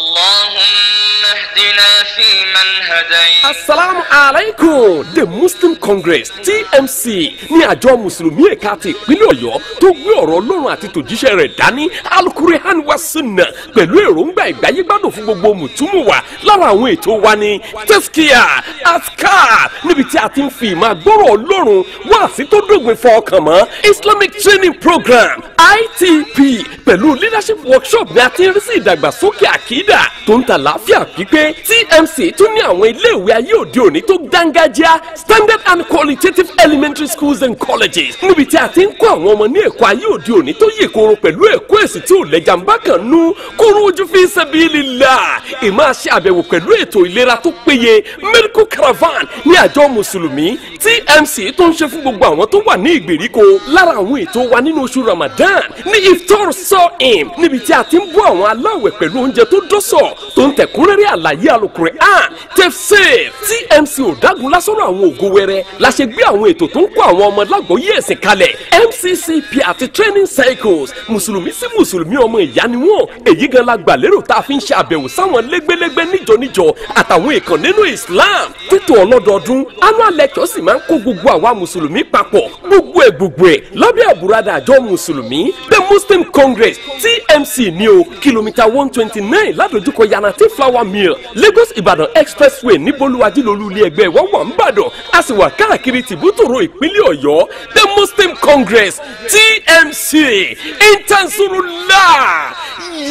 اللهم واهدنا فيمن the muslim congress tmc ní àjọ mùsùlùmí ẹ̀ka ti ìpínlẹ̀ ọ̀yọ́ tó gbé ọ̀rọ̀ ọlọ́run àti tòjíṣẹ́ rẹ̀ dání alukurihan wa sunna pẹ̀lú èròǹgbà ìgbáyégbádùn fún gbogbo mùtúmùwà lára àwọn ètò wa ní tẹ́síkìá askar níbi tí a ti ń fi ìmọ̀ àgbọ̀rọ̀ ọlọ́run wá sí tó dògbìn fọkàn mọ́ islamic training program itp pẹ̀lú leadership workshop ní a ti ń rí sí ìdàgbàsókè àkídà wádìí TMC tún ní àwọn iléèwé ayé òde òní tó dángájá standard and qualitative elementary schools and colleges níbi tí a ti ń kọ́ àwọn ọmọ ní ẹ̀kọ́ ayé òde òní tó yè koro pẹ̀lú ẹ̀kọ́ èsì tí ò lẹ́jà ń bá kàn nú kúrú ojú fi sabilillah ìmáa ṣe àbẹ̀wò pẹ̀lú ètò ìlera tó péye medical caravan ní àjọ mùsùlùmí TMC tó ń ṣe fún gbogbo àwọn tó wà ní ìgbèríko lára àwọn ètò wa nínú oṣù Ramadan ní iftar sọ im níbi tí a ti ń bọ́ àwọn aláwẹ̀ pẹ̀lú oúnjẹ tó dọ́sọ̀ tó ń tẹ̀kúnrẹ́rẹ́ àlàyé alukur'an tefsir tmc ọ̀dàgùn lásánù àwọn ògo wẹrẹ la ṣe gbé àwọn ètò tó ń kó àwọn ọmọ lágbóyè ẹ̀sìn kalẹ̀ mccp àti training cycles mùsùlùmí sí mùsùlùmí ọmọ ìyá ni wọn èyí gan la gbà lérò tá a fi ń ṣe àbẹ̀wò sáwọn lẹ́gbẹ́lẹ́gbẹ́ níjọ níjọ àtàwọn èèkàn nínú islam títò ọlọ́dọọdún annual lecture sì máa ń kó gbogbo àwa mùsùlùmí papọ̀ gbogbo ẹ̀ gbogbo ẹ̀ lábẹ́ àbúradà àjọ mùsùlùmí the muslim congress tmc ní o kìlómítà one twenty nine ládojúkọ yanati flower mill ènìyàn Lagos Ìbàdàn expressway ní ilé ẹgbẹ́ wọ́n wà ń bàdàn a sì wà káàkiri tìbútòrò ìpínlẹ̀ Ọ̀yọ́ the Muslim Congress TMC intansurula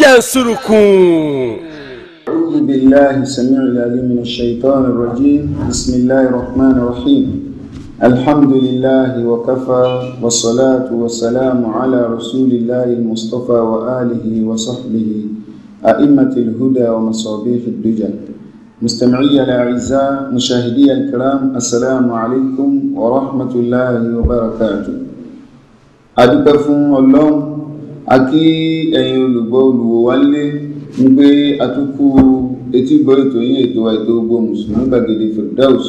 yansurukun. أعوذ بالله السميع العليم من الشيطان الرجيم بسم الله الرحمن الرحيم الحمد لله وكفى والصلاة والسلام على رسول الله المصطفى وآله وصحبه أئمة الهدى ومصابيح الدجى مستمعي الأعزاء مشاهدي الكرام السلام عليكم ورحمة الله وبركاته adúpẹ́ fún ọlọ́run a kí ẹ̀yin olùgbọ́ olùwò wálé ń gbé àtúkù etígbọ́ ètò yín ètò ètò gbogbo mùsùlùmí gbàgede firdaus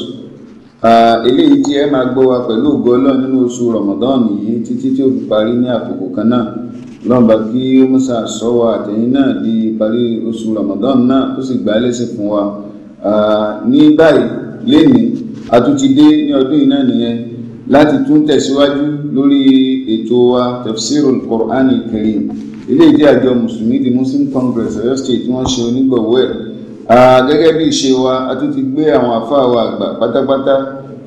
eléyìí tí ẹ máa gbọ́ wa pẹ̀lú ògo ọlọ́run nínú oṣù ramadan yìí títí tí ó fi parí ní àkókò kan náà lọ́nba kí ó mọ́sá sọ́wọ́ àtẹ̀yìn náà di parí oṣù Ramadan náà ó sì gbà á lẹ́sẹ̀ fún wa ní báyìí lénìí a tún ti dé ní ọdún yìí náà nìyẹn láti tún tẹ̀síwájú lórí ètò wa tafsirul Qur'an Karim eléyìí tí àjọ mùsùlùmí the Muslim Congress Ọ̀yọ́ state wọ́n ṣe onígbọ̀wọ́ ẹ̀ gẹ́gẹ́ bí ìṣe wa a tún ti gbé àwọn àfáà wa àgbà pátápátá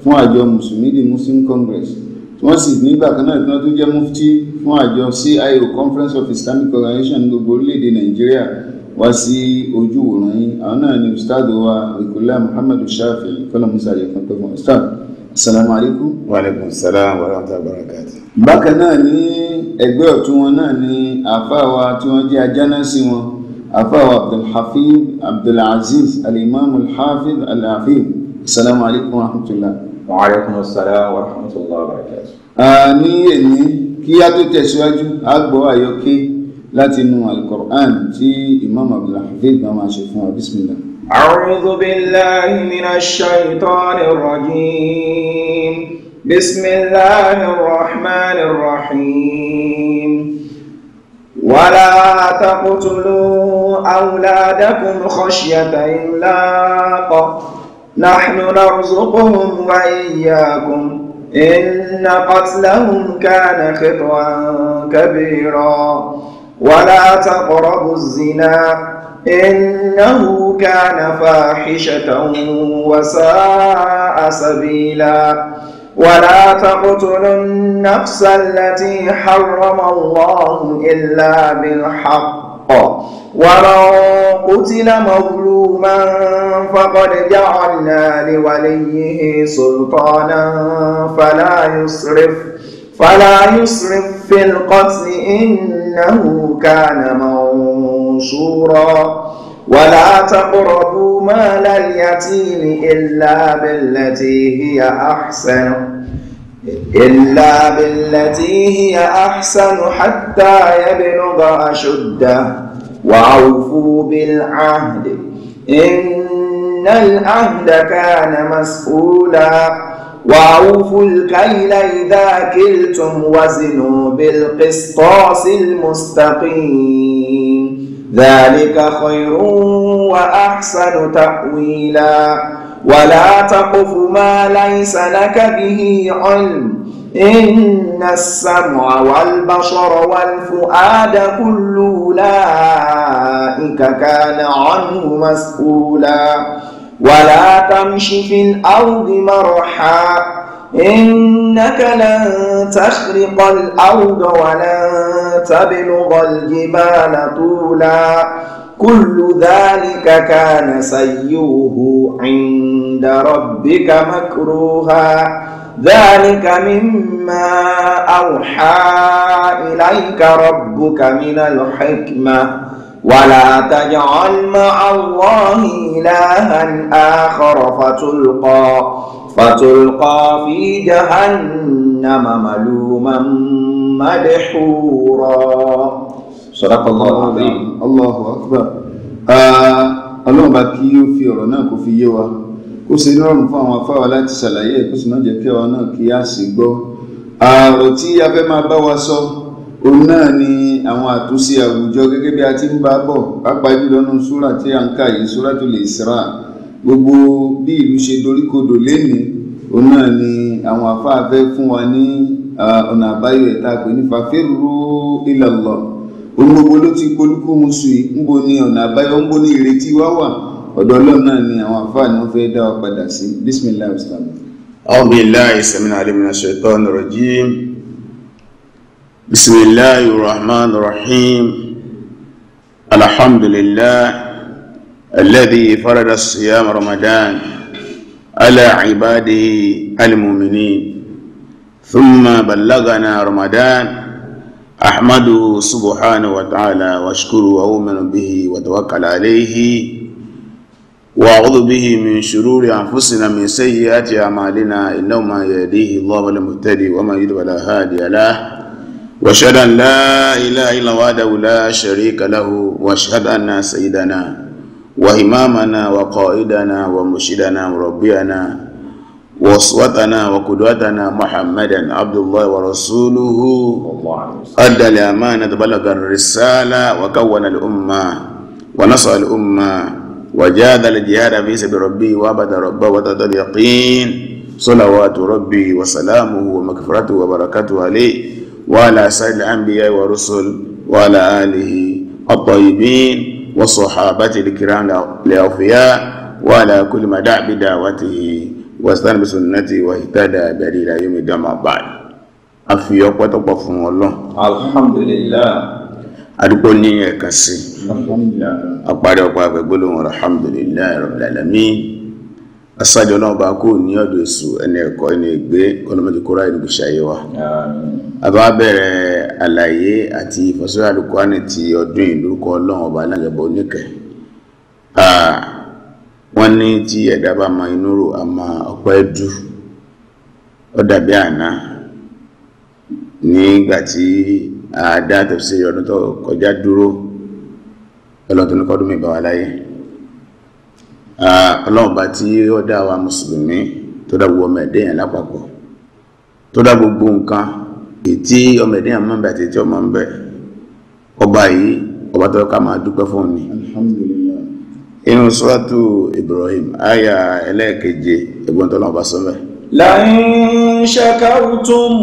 fún àjọ mùsùlùmí the Muslim Congress wọ́n sì nígbà kan náà tán tó jẹ́ mufti fún àjọ CIO Conference of Islamic Organization ní gbogbo orílẹ̀-èdè Nàìjíríà wá sí ojú wòran yín àwọn náà ni ustaadu wa ìkúlẹ̀ Muhammadu Shafi kọ́lá musa yẹ̀kan tó fún ustaadu assalamu wa alaikum salam wa rahmatullahi wa bákan náà ní ẹgbẹ́ ọ̀tún wọn náà ni àáfàá tí wọ́n jẹ́ ajáná sí wọn àáfàá Abdulhafiz Abdulaziz Al-Imam Al-Hafiz wa rahmatullahi wa alaikum assalam wa rahmatullahi wa barakatuh. ní èyí kí a tó tẹ̀síwájú a gbọ́ àyọkẹ́ láti inú alukur'an tí imam abdulhafiz bá máa ṣe fún wa bismillah. a'udhu billahi minash shaitanir rajim bismillahir rahmanir rahim. ولا تقتلوا أولادكم خشية إملاق نحن نرزقهم وإياكم إن قتلهم كان خطوا كبيرا ولا تقربوا الزنا إنه كان فاحشة وساء سبيلا ولا تقتلوا النفس التي حرم الله إلا بالحق ومن قتل مظلوما فقد جعلنا لوليه سلطانا فلا يسرف فلا يسرف في القتل إنه كان منصورا ولا تقربوا مال اليتيم إلا بالتي هي أحسن إلا بالتي هي أحسن حتى يبلغ أشده وأوفوا بالعهد إن العهد كان مسؤولا وأوفوا الكيل إذا كلتم وزنوا بالقسطاس المستقيم ذلك خير وأحسن تأويلا ولا تقف ما ليس لك به علم إن السمع والبشر والفؤاد كل أولئك كان عنه مسؤولا ولا تمش في الأرض مرحا إنك لن تخرق الأرض ولن تبلغ الجبال طولا كل ذلك كان سيئه عند ربك مكروها ذلك مما أوحى إليك ربك من الحكمة ولا تجعل مع الله إلها آخر فتلقى فتلقى في جهنم ملوما مدحورا Sadaqallahu al-Azim. Allahu ah, kí fi ọ̀rọ̀ náà kò fi yé wa kó ṣe fún àwọn afáwa láti ṣàlàyé kó sì jẹ́ kí náà kí á sì gbọ́. ààrò ah, tí a máa bá wa sọ òun náà ni àwọn àtúnṣe àwùjọ gẹ́gẹ́ bí a ń bá bọ̀ jùlọ tí a ń kà yìí gbogbo bí ìlú ṣe doríkodò lénìí òun náà ní ah, ọ̀nà olùgbogbo ló ti polúkú mu sí i ńbo ni ọ̀nà àbáyọ ńbo ni ìrètí wa wà ọ̀dọ̀ ọlọ́run náà ni àwọn àfáà ni wọ́n fẹ́ dá wa padà sí bísmìlá ìsìlámù. أعوذ بالله السميع العليم من الشيطان الرجيم بسم الله الرحمن الرحيم الحمد لله الذي فرض الصيام رمضان على عباده المؤمنين ثم بلغنا رمضان أحمده سبحانه وتعالى وأشكره وأؤمن به وتوكل عليه وأعوذ به من شرور أنفسنا من سيئات أعمالنا إنه ما يهديه الله فلا مهتدي وما يضلل فلا هادي له وأشهد أن لا إله إلا وحده لا شريك له وأشهد أن سيدنا وإمامنا وقائدنا ومرشدنا وربنا وصوتنا وقدوتنا محمدا عبد الله ورسوله أدى الأمانة بلغ الرسالة وكون الأمة ونصر الأمة وجاد الجهاد في سبيل ربي وابد ربه وتد اليقين صلوات ربي وسلامه ومغفرته وبركاته عليه وعلى سائر الأنبياء والرسل وعلى آله الطيبين وصحابته الكرام الأوفياء وعلى كل ما دعا بدعوته western bisunati wa ìtàdà àbẹ̀rẹ̀ ìlàyé mi dá máa báyìí a fi ọpẹ́ tọpọ fún Ọlọ́run alhamdulillah adúgbò ní ẹ̀kan sí àparí ọpẹ́ àgbẹ̀gbọ́lóhùn alhamdulillah rabbil alamin asájọ náà bá kó ní ọ̀dọ̀ èṣù ẹni ẹ̀kọ́ ẹni ìgbé ọlọ́mọdé kóra ìdìbò ṣayé wa àbá bẹ̀rẹ̀ àlàyé àti ìfọ́sọ́rọ̀ àdúgbò àti ọdún ìlú kọ́ Ọlọ́run ọba alájọba oníkẹ́ Nwanne ní tí ẹ̀dá bá mọ inú rò àmọ́ ọpẹ́ dù dàbí àná nígbà tí àádá tẹ̀sí ọdún tó kọjá dúró ọlọ́tún ní kọ́dún mẹ́bàá láyé ọlọ́run bá tí ó dá wa mùsùlùmí tó ọmọ ẹ̀dẹ́ yẹn lápapọ̀ tó gbogbo nǹkan ètí ọmọ ẹ̀dẹ́ yẹn mọ́ bẹ̀ ọmọ ń ọba yìí ọba tó ká máa dúpẹ́ fún inú suratu Ibrahim àyà ẹlẹ́ẹ̀keje ẹgbọ́n tó lọ́wọ́ bá sọ mẹ́. la'in shakartum.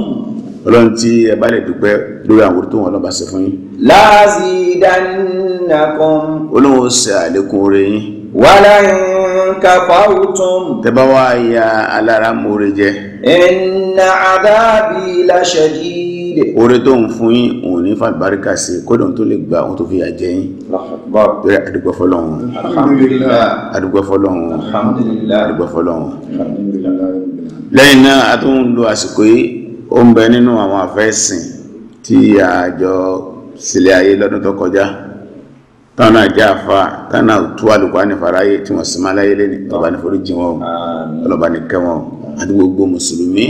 ọlọ́run tí ẹ bá lè dúpẹ́ lórí àwọn tó wọn lọ́ba ṣe fún yín. lazidannakum. olóhùn ṣe àlékún oore yín. wa la'in kafartum. tẹ́bá wá ya alára mòore jẹ. inna adabi la shadid dẹ̀. oore tó ń fún yín òun ní fàlùbáríkà sí kódà tó lè gba ohun tó fi yà jẹ yín. bẹ́ẹ̀ adúgbò fọlọ́hún. alhamdulilayi. adúgbò fọlọ́hún. alhamdulilayi. adúgbò fọlọ́hún. alhamdulilayi. lẹ́yìn náà a tún ń lo àsìkò yìí ó ń bẹ nínú àwọn àfẹ́sìn tí a jọ sílẹ̀ ayé lọ́dún tó kọjá táwọn náà jẹ́ àfa táwọn náà tú àlùkùránì faraye tí wọ́n sì máa láyé lẹ́ni ọba ní foríjì wọn ọlọ́ba ní kẹ́ wọn àti gbogbo mùsùlùmí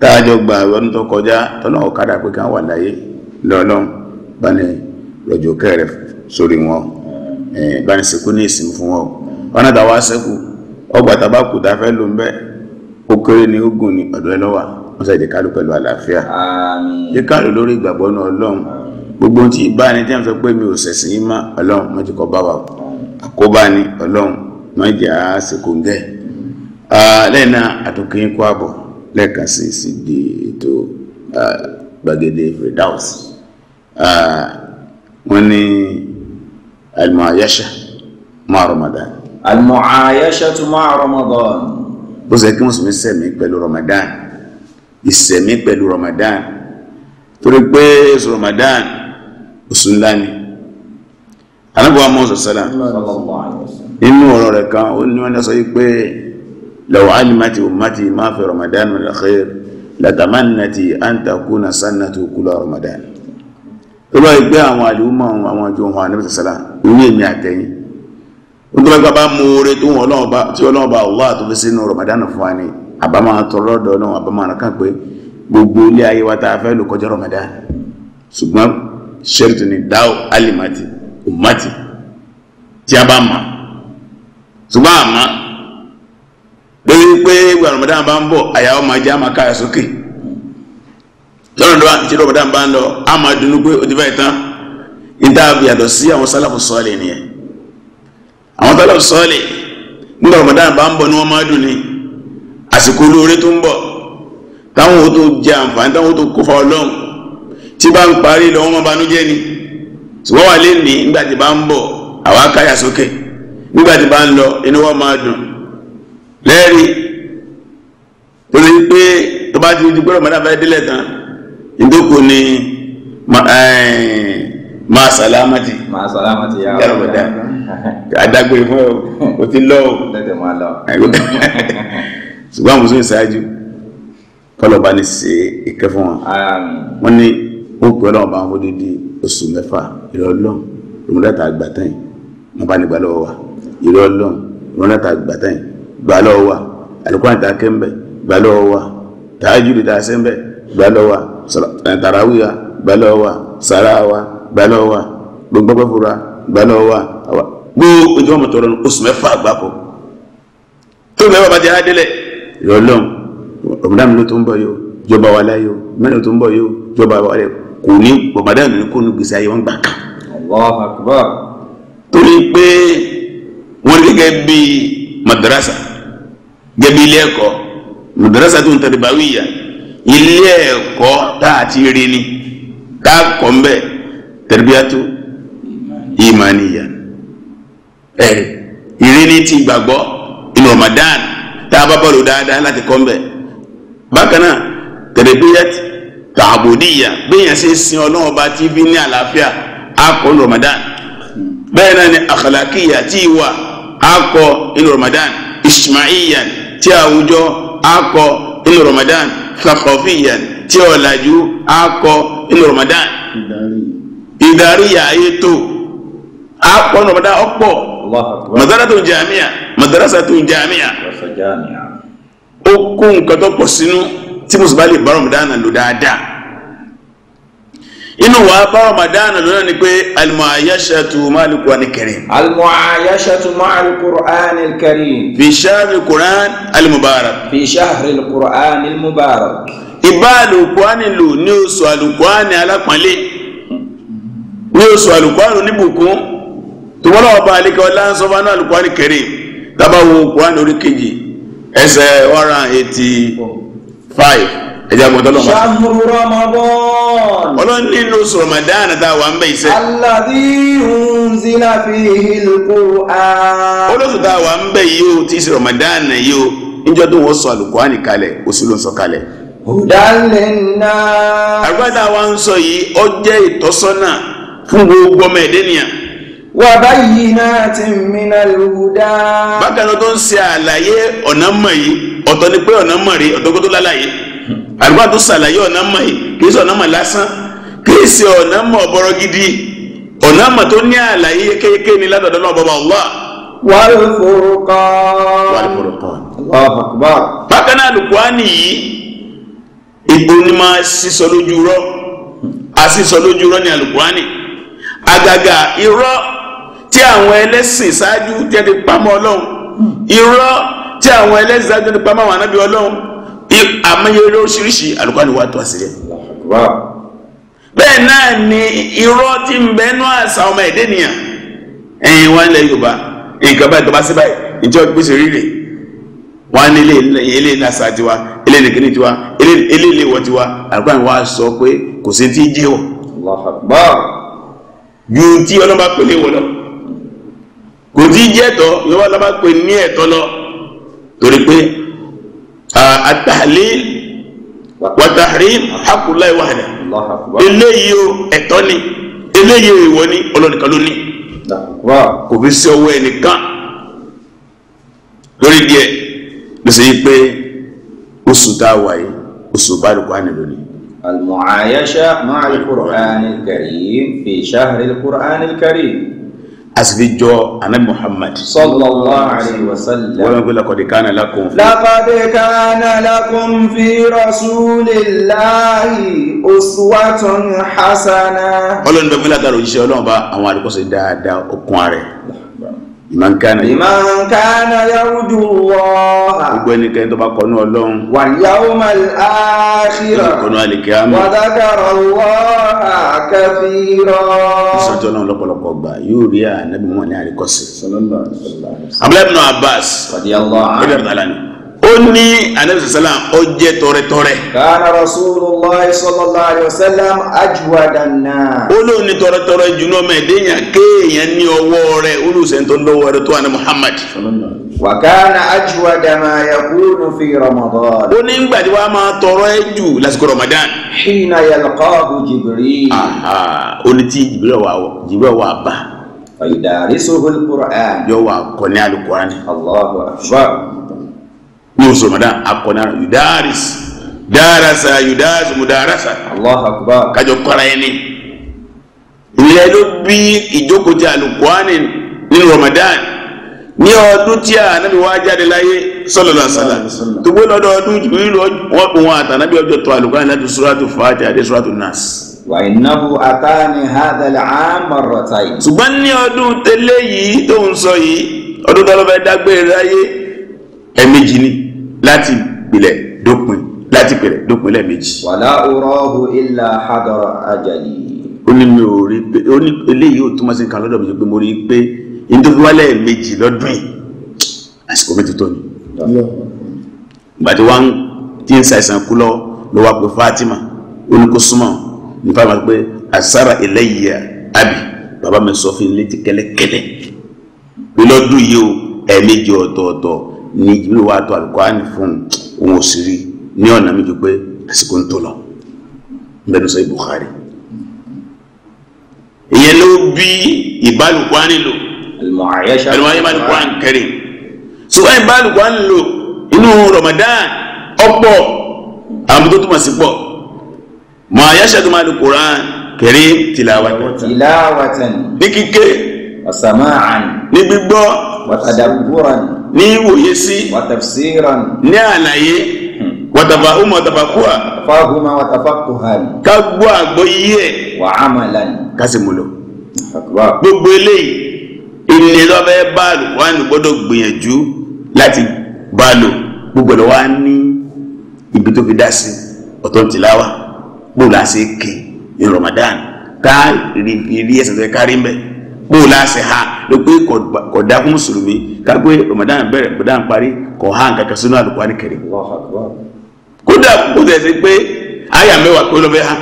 táàjọ gba ọdún tó kọjá tọ́lọ́wọ́ kádà pé káwọn wà láyé lọ́lọ́n bá ní kẹrẹ sórí wọn báni ní ní ìsìn fún wọn ọ̀nà tàwa sẹ́kù ọgbà tàbá kù tá fẹ́ ló ń bẹ́ ó kéré ní ogun ní ẹ lọ́wà wọ́n sì kálù pẹ̀lú àlàáfíà kálù lórí ìgbàgbọ́ náà ọlọ́run gbogbo báni ni tí pé mi ò sẹ̀sìn yín ọlọ́run ni ọlọ́run ń lẹ́yìn náà àtòkè yín lẹ́ẹ̀kan sí sí di ètò gbàgede Firdaus wọ́n ní al-mu'ayasha ma Ramadan. al-mu'ayasha ma Ramadan. bó ṣe kí mùsùlùmí sẹ̀mí pẹ̀lú Ramadan ìsẹ̀mí pẹ̀lú Ramadan torí pé oṣù Ramadan oṣù ńlá ni anábọ̀ àmọ́ ọ̀sán sálà inú ọ̀rọ̀ rẹ̀ kan ó ní wọ́n lọ sọ yí pé لو علمت أمتي ما في رمضان من الخير لتمنت أن تكون سنة كل رمضان tọ́lá ìgbé àwọn àlùmọ́ àwọn àjò ohun àníbẹ̀sẹ̀ sẹ́lá orí èmi àtẹ̀yìn ó tọ́lá gbà bá mú oore tó wọn tí ọlọ́run bá wà tó fi sínú Ramadan fún wa ni àbámọ́ tọrọ lọ́dọ̀ náà àbámọ́ àràkàn pé gbogbo ilé ayé wa tá a fẹ́ lò kọjá Ramadan ṣùgbọ́n ṣẹ́rìtì ni dáwọ́ alimati umati tí a bá mọ̀ ṣùgbọ́n àmọ́ lórí pé ìgbà ramadan bá ń bọ̀ àyàwó máa jẹ́ àmà káyà sókè lọ́rùn lọ́wọ́ àti ramadan bá ń lọ a máa dunú pé ó ti báyìí tán níta yàtọ̀ sí àwọn sálàfù sọ́ọ̀lì nìyẹn àwọn sálàfù sọ́ọ̀lì nígbà ramadan bá ń bọ̀ ni wọ́n máa dùn ní àsìkò olóore tó ń bọ̀ táwọn ò tó jẹ àǹfààní táwọn ò tó kófa ọlọ́run tí bá ń parí lọ́wọ́ lẹ́rí tó lè pé tó bá ti ojú pé rọ̀mọ́dá fẹ́ délẹ̀ tán ìdókò ni máa eh, sàlámàtì máa sàlámàtì yà rọ̀mọ́dá adágbé fún ọ o ti lọ o lẹ́tẹ̀ máa lọ ṣùgbọ́n àwọn mùsùlùmí ṣáájú kọ́lọ̀ bá ní ṣe ìkẹ́ fún wọn wọ́n ní ó pẹ́ ọlọ́run bá wọn fó dídí oṣù mẹ́fà ìrọ̀lọ́run rọ̀mọ́dá tà gbàtàn bá nígbà lọ́wọ́ wa ìrọ̀lọ́run rọ̀mọ́dá tà gbà lọ́wọ́ wa alukóran ta ké ń bẹ̀ gbà lọ́wọ́ wa tààjúdì ta sé gbogbo ojú ọmọ tọrọ oṣù mẹ́fà àgbàpọ̀ tó bẹ́ẹ̀ bàbá ti há délẹ̀ ìrọ̀lọ́n ramadan ló tó ń bọ̀ yóò jọba wa láyò mẹ́rin tó ń bọ̀ yóò jọba wa láyò kò ní ramadan ní kó gbèsè ayé wọn gbà kan. torí pé wọ́n gẹ́gẹ́ bíi madrasa gẹ́gẹ́ bí ilé ẹ̀kọ́ madrasatun tarbawiyya ilé ẹ̀kọ́ tá a ti rí ni tá a kọ́ ń bẹ̀ tarbiyatu ìmànìyà ẹ̀ ìrírí ti gbàgbọ́ inú Ramadan tá a bá bọ̀ lò dáadáa láti kọ́ ń bẹ̀ bákan náà tarbiyatu tààbòdìyà bẹ́yẹn ṣe sin ọlọ́run bá ti fi ní àlàáfíà akọ ní Ramadan bẹ́ẹ̀ náà ni àkàlàkìyà tí ì wà akọ ní Ramadan ismaiyan tí àwùjọ akọ nínú Ramadan thaqafiyan tí ọ̀làjú akọ nínú Ramadan ìdaríyà ayétò akọ nínú Ramadan ọ̀pọ̀ madaratun jamiya madarasatun jamiya ó kó nǹkan tó pọ̀ sínú tí mùsùlùmí bá lè bá Ramadan lò dáadáa inú wa bá Ramadan lọ́nà ni pé al-mu'ayashatu ma'al Qur'anil Karim. al-mu'ayashatu ma'al Qur'anil Karim. fi shahril Qur'an al-mubarak. fi shahril Qur'an al-mubarak. ìbá alukurani lò ní oṣù alukurani alápọ̀nlé ní oṣù alukurani oníbùkún tó wọ́n lọ́wọ́ bá alikẹ́ ọ̀la ń sọ fún anú wo Qur'an orí kejì ẹsẹ̀ eighty five ẹja gbọ́dọ̀ lọ. ṣahuru ramadan. ọlọ́run ní ló sọ ramadan tá a wà ń bẹ̀ iṣẹ́. alladhi unzila fihi al-Qur'an. olóṣù tá a wà ń bẹ̀ yìí o tí í ṣe ramadan yìí o níjọ́ tó wọ́n sọ al-Qur'an kalẹ̀ oṣù ló ń sọ kalẹ̀. hudalinna. àgbàdo àwa ń sọ yìí ó jẹ́ ìtọ́sọ́nà fún gbogbo ọmọ ẹ̀dẹ́nìyàn wà báyìí náà ti mìíràn lùdá àlùfà tó ṣàlàyé ọ̀nà mọ̀ yìí kì í ṣe ọ̀nà mọ̀ lásán kì í ṣe ọ̀nà mọ̀ ọ̀bọ̀rọ̀ gidi ọ̀nà mọ̀ tó ní àlàyé yékéyéké ni látọ̀dọ̀ náà bọ́ba Allah. wal furqan. wal furqan. Allahu akbar. bákan náà Al-Qur'ani yìí ìbò ni máa sísọ lójú rọ àsísọ lójú rọ ní Al-Qur'ani àgàgà irọ́ tí àwọn ẹlẹ́sìn ṣáájú tẹ́ ní amáyé lóríṣiríṣi alukọ́ni wa tó àṣírí. bẹ́ẹ̀ náà ni irọ́ tí ń bẹ nú àṣà ọmọ ẹ̀dẹ́ nìyàn ẹ̀yin wá ilẹ̀ Yorùbá nǹkan báyìí tó bá sí báyìí ìjọ gbèsè rírè wá ní ilé ìlàsà tiwa ilé ìdèkìní tiwa ilé ìléwọ tiwa alukọ́ni wa sọ pé kò sí ti jẹ́ wọ̀ ju tí ọlọ́ba pèlè wọ̀ lọ kò tí jẹ́ ẹ̀tọ́ yọ̀wọ́ lọ́ba pè ní ẹ̀tọ́ lọ torí pé at-tahlil wa tahrim haqqullah wahda eléyìí o ẹ̀tọ́ ni eléyìí o ìwọ ni ọlọ́nìkan ló ní kò fi sí ọwọ́ ẹnìkan lórí díẹ̀ ló ṣe pé oṣù tá a wà yìí oṣù bá rẹ̀ kó àná lónìí. المعايشة مع القرآن الكريم في شهر القرآن الكريم asibi jọ anabi muhammad. sallallahu alayhi wa sallam. wala ko lakọdi kaana lakum. lakọdi kaana lakum fi rasulillahi uswatun hasana. ọlọ́ni bẹ fúnla ta la òjíṣẹ́ Ọlọ́run bá àwọn àdìkọ́sọ dáadáa okun rẹ̀ ìmàn kánà ìmàn kánà yarju Allah. gbogbo ẹnikẹ́ni tó bá kọ́nú ọlọ́run. wal yawmal akhir. kọ́nú àlìkíyàmù. wa dhakara Allah kathira. ìsọjọ́ náà lọ́pọ̀lọpọ̀ gbà yóò rí ànábì ní àríkọ́sí. sallallahu alaihi wasallam. Abdullahi ibn Abbas. radiyallahu anhu ó ní anabi sallam ó jẹ́ tọrẹtọrẹ. kana rasulullah sallallahu alayhi wa sallam ajwadanna. ó lóun ní tọrẹtọrẹ jùlọ mẹ́ẹ̀ẹ́dẹ́yàn kéèyàn ní ọwọ́ rẹ̀ olùsẹ̀ńtò lọ́wọ́ rẹ̀ tó àná muhammad. wàkánà ajwada ma yakunu fi ramadan. ó ní ìgbà tí wàá máa tọrọ ẹ jù lásìkò ramadan. hina yalqahu jibril. ó ní tí jibril wà jibril wà bá. fayidarisohol qur'an. yóò wà kọ́ni alukurani. allahu akbar ní oṣù ramadan akọni ara yudaris darasa yudaris mudarasa. allah akbar. kájọ kọ́ra yẹn ni ìyẹn bi bí ìjókòó ti alukwani ní ramadan ni ọdún tí ànábi wá jáde láyé sallallahu alaihi wasallam tó gbé lọ́dọ̀ ọdún ìlú wọn àtànábi ọjọ́ tó àlùkùránì láti suratu Fatiha àdé suratu Nas. wà ináhu àtàní hadal amaratayi. ṣùgbọ́n ní ọdún tẹ́lẹ̀ yìí tó ń sọ yìí ọdún tó lọ́fẹ́ dágbére láyé ẹ̀ẹ̀mejì ni láti ìpìlẹ̀ dópin láti ìpìlẹ̀ dópin lẹ́ẹ̀mejì. wàlá òrọ́hù ilà hadara ajali. ó ní mi ò rí pé ó ní eléyìí ò túmọ̀ sí nǹkan lọ́dọ̀ mi pé mo rí i pé n tó fi wá lẹ́ẹ̀mejì lọ́dún yìí àsìkò mi ti tó ni. ìgbà tí wọ́n ti ń ṣàìsàn kú lọ ló wá pé Fatima ó ní kó súnmọ́ ní Fatima pé àsára eléyìí àbí bàbá mi sọ fún ilé ti kẹ́lẹ́kẹ́lẹ́ lọ́dún yìí o ẹ̀ẹ̀mejì ọ̀tọ̀ọ̀tọ̀ Ni ìjìbìlì wa tó alukurani fún òun ò sì rí ní ọ̀nà méjì pé àsìkò ń tó lọ nbẹ́nu sọ Bukhari ìyẹn ló bí ìbálùkwani lò ẹlòmọ́ayé ìbálùkwani kẹrì ṣùgbọ́n ìbálùkwani lò inú Ramadan ọ̀pọ̀ àwọn tó túmọ̀ sí pọ̀ mọ àyàṣà tó máa lu Quran kẹrì tìlàwàtàn ní kíké ní gbígbọ́ wàtàdàbúràn ní ìwòye sí ní àlàyé wàtàfà ọmọ wàtàfà kúà. fáwọn wàtàfà kò hàn. ká gbọ́ àgbọ̀ yíyẹ. wà á mà lánìí. ká sì mú lọ. gbogbo eléyìí ilé lọ́fẹ́ bá lò wà ní gbọ́dọ̀ gbìyànjú láti bá lò gbogbo ẹ̀ wá ní ibi tó fi dá sí ọ̀tọ̀ ń tìláwà gbòòlà sí ké ní Ramadan ká rí ẹsẹ̀ tó kárí mbẹ́. kpọọ o ha ló pé kò fún mùsùlùmí Ramadan bẹ̀rẹ̀ Ramadan parí kò há nǹkan kan sínú Al-Qur'an kódà kó tẹ̀ sí pé àyà mẹ́wàá ha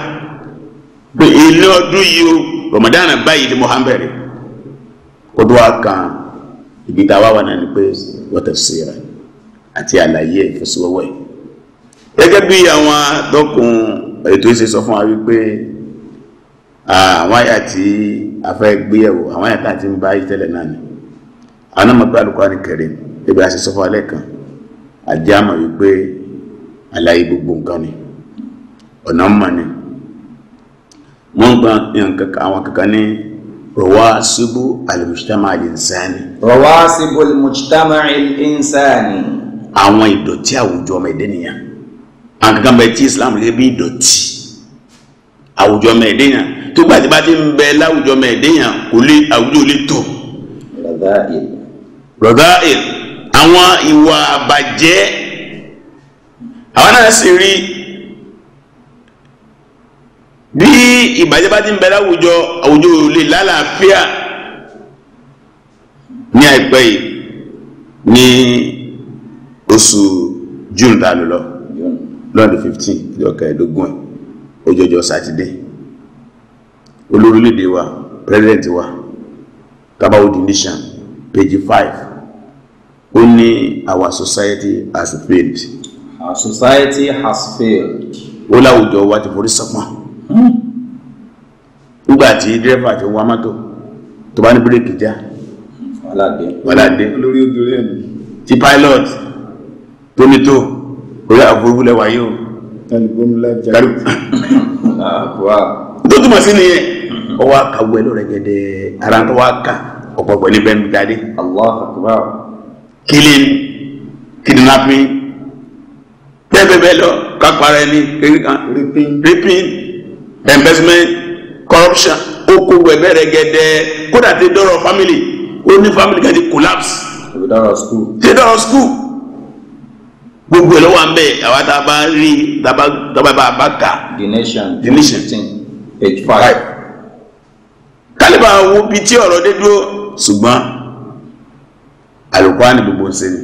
pé ilé ọdún yìí o Ramadan báyìí ni Muhammad rẹ̀ kódà kan ibi tá a wá wà náà ni pé sí ra àti àlàyé ìfọsíwọ́wọ́ yìí gẹ́gẹ́ bí àwọn dọ́kun ètò àwọn àyà tí a fẹ́ gbéyẹ̀wò àwọn àyà tá a ti ń bá yìí tẹ́lẹ̀ náà ni àwọn náà mọ̀ pé Al-Qur'ani Karim ebi a ṣe sọ fún alẹ́ kan àjẹ́ àmọ̀ wípé àlàyé gbogbo nǹkan ni ọ̀nà mọ̀ ni wọ́n gba àwọn kankan ní rọwáṣíbù alìmùsítàmà àlìǹsáni. rọwáṣíbù alìmùsítàmà àlìǹsáni. àwọn ìdọ̀tí àwùjọ ọmọ ẹ̀dẹ́ nìyà àwọn kankan bẹ tí Islam lè bí ìdọ̀tí àwùjọ ọmọ ẹ̀dẹ́ nìyà tó gbàtí bá ti ń bẹ láwùjọ mẹ̀ẹ́dẹ́yàn kò lè àwùjọ lè tò. rọ̀dá ẹ̀ àwọn ìwà àbàjẹ́ àwọn náà sì rí bí ìbàjẹ́ bá ti ń bẹ láwùjọ àwùjọ lè lálàáfíà ní àìpẹ́ yìí ní oṣù June tá a lò lọ lọ́ọ̀dún fifteen ìjọ kẹẹ̀ẹ́dógún ẹ̀ ó sátidé olórí orílẹ̀-èdè wa president wa tabawo the nation page five ó ní our society has failed. our society has failed. ó láwùjọ wa ti forí sọpọ́n hmm. nígbà tí dírẹ́fà ti wá mọ́tò tó bá ní bírèkì já wàládé olórí obìnrin ẹ̀mí ti pilot tó ní tó orí àforúkúlẹ̀ wáyé o kárùkù tó túmọ̀ sí nìyẹn ọ mm-hmm. wá ka wẹlú rẹ gẹdẹ ara tó wá ka ọgbọgbọ ní bẹẹ ń dáadé. kílín kidnapping bẹ́ẹ̀ bẹ́ẹ̀ lọ kápára ẹni ripping investment corruption ó kó wẹ̀bẹ̀ rẹ gẹdẹ kódà ti dọ̀rọ̀ family ó ní family kan ti collapse. ti dọ̀rọ̀ school. ti dọ̀rọ̀ school gbogbo ìlú wa ń bẹ àwa tá a bá rí tá a the nation the nation page five kálíbà wo bí tí ọ̀rọ̀ dé dúró ṣùgbọ́n alùpàá ní gbogbo ṣe ni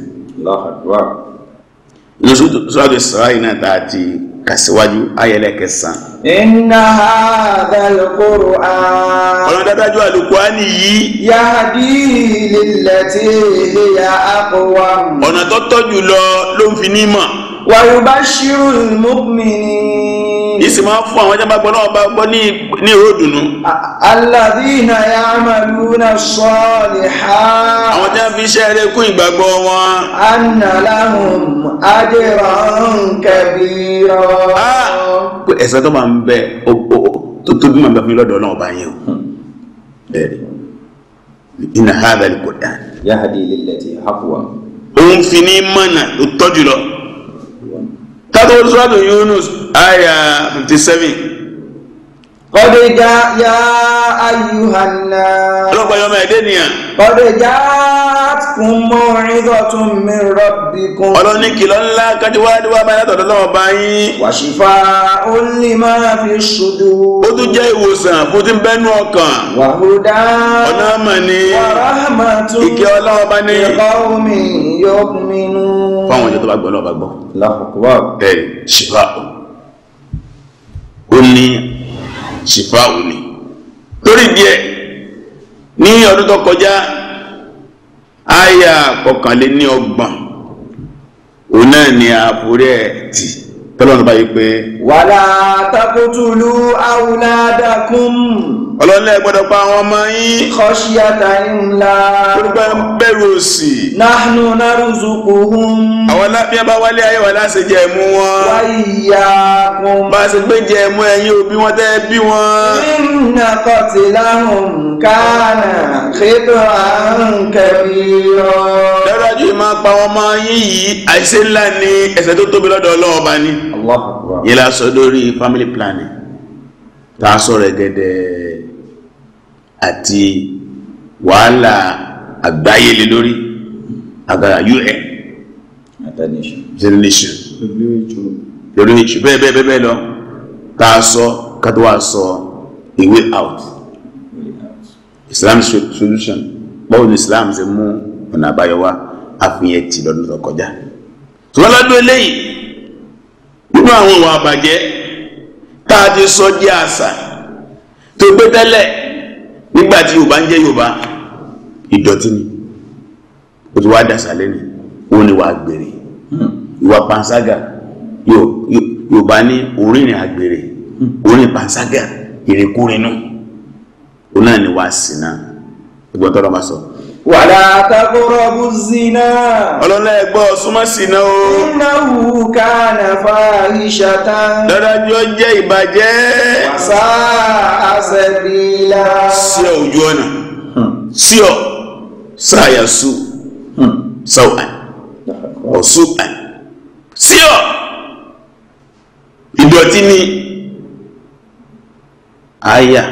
inú sọ́dọ̀ Isra'il náà tàà ti kàṣíwájú ayẹlẹ́ kẹsàn inna hadhal Qur'an ọ̀rọ̀ dádájú alùkùránì yìí yahdi lillati hiya aqwam ọ̀nà tó tọ́jú lọ ló ń fi nímọ̀ wa yubashshirul mu'minin ìsìn máa ń fún àwọn jábá náà bá gbọ́ ní ìró ìdùnnú. alladhina ya'maluna s-salihat. àwọn jábá iṣẹ́ rẹ̀ kún ìgbàgbọ́ wọn. anna lahum ajran kabira. ẹ̀sẹ̀ tó máa ń bẹ tó tóbi máa ń bẹ fún mi lọ́dọ̀ náà bá yẹn o. Hmm. bẹ́ẹ̀ ni inna hadha al-Qur'an. yahdi lillati aqwa. òun fi ní mọ̀nà tó tọ́jú lọ. Hmm. tátó sọ́dọ̀ Yunus àyà fifty seven. Kọ́dé já yá ayúhànà. Ọlọ́pàá yọmọ ẹ̀dẹ́ nìyà. Kọ́dé já fún mọ́rin dọ̀tún mi rọ̀bì kan. Ọlọ́ni kìlọ̀ ńlá kájú wá dé wá bá látọ̀dọ̀ lọ́wọ́ bá Wàṣífà ó lè máa fi ṣojú. Ó tún jẹ́ ìwòsàn fún ti bẹ́nu ọkàn. Wàhúdá. Ọ̀nà àmà ni. Wàhálà tó. Ìkẹ́ ọlọ́wọ́ bá ní. Ìkọ́ omi yọ̀ọ́ pinnu. Fáwọn ìjọba gbọ́ lọ́wọ́ bá gbọ́. Láfọ̀kọ́ wà. Ẹ ṣèlú àpò ó ní ṣìfà òní lórí díẹ̀ ní ọdún tó kọjá àyà kọkànléní ọgbọ̀n òun náà ni àbúrò ẹ̀ tì tọ́lọ́nù báyìí pé. wàlá takùtùlù àwùládàkùn ọlọ́lẹ́ gbọ́dọ̀ pa àwọn ọmọ yín. kọ́ṣíàtà ńlá. gbogbo bẹ̀rù òsì. nahnu narzuquhum. àwọn aláfíà bá wálé ayé wa láti jẹ ẹ̀mú wọn. wa iyyakum. bá a ṣe gbé jẹ ẹ̀mú ẹ̀yìn òbí wọn tẹ́ bí wọn. inna qatlahum kana khit'an kabira. dájú ìmọ̀ pa àwọn ọmọ yín yìí àṣìṣe ńlá ni ẹ̀ṣẹ̀ tó tóbi lọ́dọ̀ ọlọ́ọ̀ba ni. yìí la sọ lórí family planning tá a sọ̀rọ̀ ẹ̀gẹ́dẹ̀ẹ́ àti wàhálà àgbáyé lé lórí agbára un zero nation lórí ìṣù bẹ́ẹ̀ bẹ́ẹ̀ bẹ́ẹ̀ lọ tá a sọ kátó wá sọ a way out Islam solution báwo ni Islam ṣe mú ọ̀nà àbáyọ wá àfihàn ti lọ́dún tó kọjá ṣùgbọ́n lọ́dún eléyìí nínú àwọn ìwà àbàjẹ́ tá a ti sọ di àṣà tó gbé tẹ́lẹ̀ nígbà tí yorùbá ń jẹ́ yorùbá ìdọ̀tí ni o ti wá dàsà lẹ́nu òun ni wà á gbèrè ìwà panṣágà yorùbá ní orírìn àgbèrè orírìn panṣágà ìrìnkúrinú òun náà ni wà á sìn náà ìgbọ́n tọ́lọ́ bá sọ̀rọ̀ wàlá taqrabu zina. ọlọ́lá ẹ̀gbọ́ súnmọ́ sínú o. innahu kana fahishatan. dádájọ́ jẹ́ ìbàjẹ́. wàsá àṣẹbílà. sí ọ ojú ọ̀nà sí ọ sáyà sùn sáwà ọ̀sùn sí ọ ìdọ̀tí ni àyà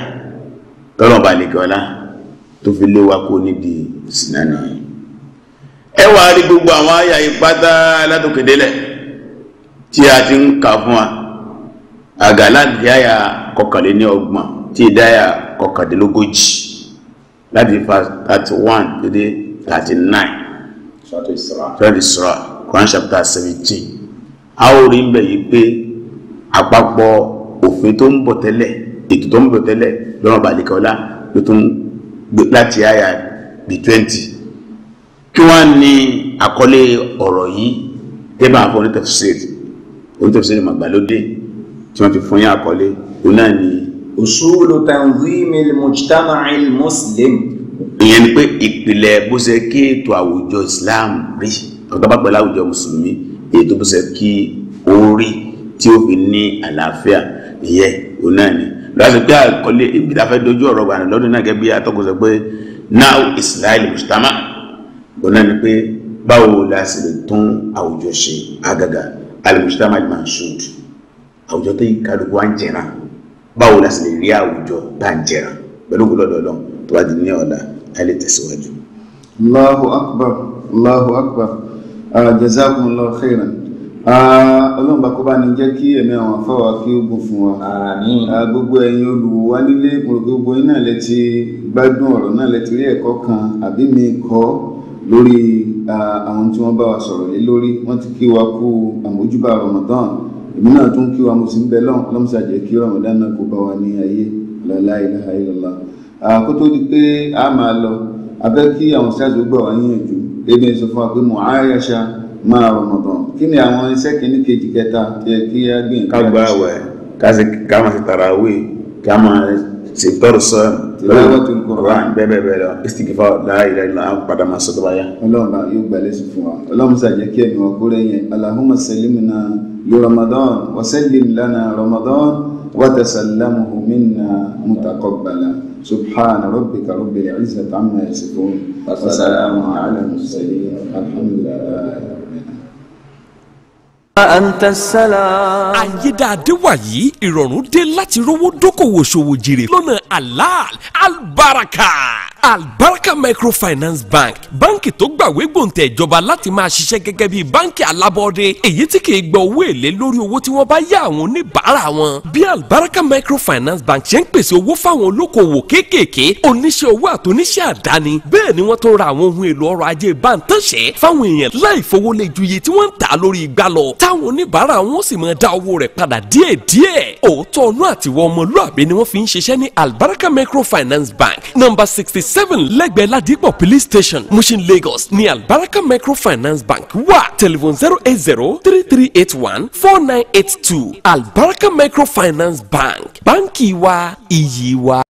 lọ́rọ̀ balẹ̀ kọ́lá tó fi lé wa kó nídìí. Sinani, ni ẹ wà rí gbogbo àwọn àyà ìpátá látòkèdélẹ̀ tí a ti ń kà fún wa àgàláàdì àyà kọkànlé ní ọgbọ̀n tí ìdáyà kọkàndínlógójì láti fa 31 dédé 39 ṣọ́tò ìsọ́ra Quran chapter 17 a ó rí mbẹ̀ yìí pé àpapọ̀ òfin tó ń bọ̀ tẹ́lẹ̀ ètò tó ń bọ̀ tẹ́lẹ̀ lọ́rọ̀ bàlíkọ́lá ló tún láti àyà bí twenty kí wọ́n ní àkọlé ọ̀rọ̀ yìí débà fún onítẹ̀fùsẹ̀rì onítẹ̀fùsẹ̀rì màgbàlódé tí wọ́n ti fún yín àkọlé òun náà ni. usulu tanzimil mujtama'il muslim. ìyẹn ni pé ìpìlẹ̀ bó ṣe kí ètò àwùjọ Islam rí ọ̀tọ́ bá pẹ̀lú àwùjọ mùsùlùmí ètò bó ṣe kí ó rí tí ó fi ní àlàáfíà ìyẹn òun náà ni lọ́sọ̀ pé àkọlé ibi tá a fẹ́ dojú ọ̀rọ̀ gbàǹdà lọ́dún náà gẹ́gẹ́ bí atọ́kùn sọ pé náà ìsìláìlì mùsùtámà gbọ́nà ni pé báwo la sì lè tún àwùjọ ṣe àgàgà alìmùsùtámà lè máa ṣùd àwùjọ tó yí kálukú wá ń jẹran báwo la sì lè rí àwùjọ bá ń jẹran pẹ̀lú gbọ́lọ́dọ̀ọ́lọ́ tó bá di ní ọ̀la a lè tẹ̀síwájú. Allahu akbar Allahu akbar jazakumullahu khairan ọlọ́run bá kó bá ní jẹ́ kí ẹ̀mí àwọn afáwà kí ó gùn fún wa gbogbo ẹ̀yin olùwò wa nílé gbogbo iná lẹ ti gbádùn ọ̀rọ̀ náà lẹ ti rí ẹ̀kọ́ kan àbí mi kọ́ lórí àwọn tí wọ́n bá wa sọ̀rọ̀ lé lórí wọ́n ti kí wa kú àmójúbà Ramadan èmi náà tún kí wa mo sì ń bẹ lọ́n lọ́mùsà jẹ́ kí Ramadan náà kó bá wa ní ayé la ilaha illallah kó tó di pé a máa lọ abẹ́ kí àwọn sáàtò gbà wa máa Ramadan kí ni àwọn iṣẹ́ kìíní kejì kẹta jẹ́ kí á gbé nǹkan ká gba àwẹ̀ ká máa ṣe tàràwé ká máa ṣe tọ́rọ̀ sọ bẹ́ẹ̀ bẹ́ẹ̀ lọ istigfa la ilaha illa àwọn padà máa sọ tó bá yá. ọlọ́run bá yóò gbàlẹ́ sí fún wa ọlọ́run sàjẹ́ kí ẹ̀mí wa yẹn Allahumma sallimna li Ramadan wa sallim سبحان ربك رب العزة عما يصفون وسلام على المرسلين الحمد لله àyédáadé wàyí ìrọ̀rùn dé láti rówó dókòwò ṣòwò jèrè lọ́nà halal albaraka albarka microfinance bank báǹkì tó gbàwé gbòǹtẹ̀ ìjọba láti máa ṣiṣẹ́ gẹ́gẹ́ bí báǹkì alábọ́ọ́dé èyí tí kì í gba owó èlé lórí owó tí wọ́n bá yá àwọn oníbàárà wọn. bí albarka microfinance bank ṣe ń pèsè owó fáwọn olókoòwò kéékèèké oníṣẹ́ owó àtúnṣe àdáni bẹ́ẹ̀ ni wọ́n tó ra àwọn ohun èlò ọrọ̀ ajé bántánṣẹ́ fáwọn èèyàn láì fowó lé ju iye tí wọ́n ń tà lórí igbá lọ táwọn oníbàárà wọn sì máa dá owó ni wọ́n fi microfinance bank number sixty seven lẹ́gbẹ̀ẹ́ ladipo police station mushin lagos ní albaraka microfinance bank wà telephone zero eight zero three three eight one four nine eight two albaraka microfinance bank báńkì wa iyì wa.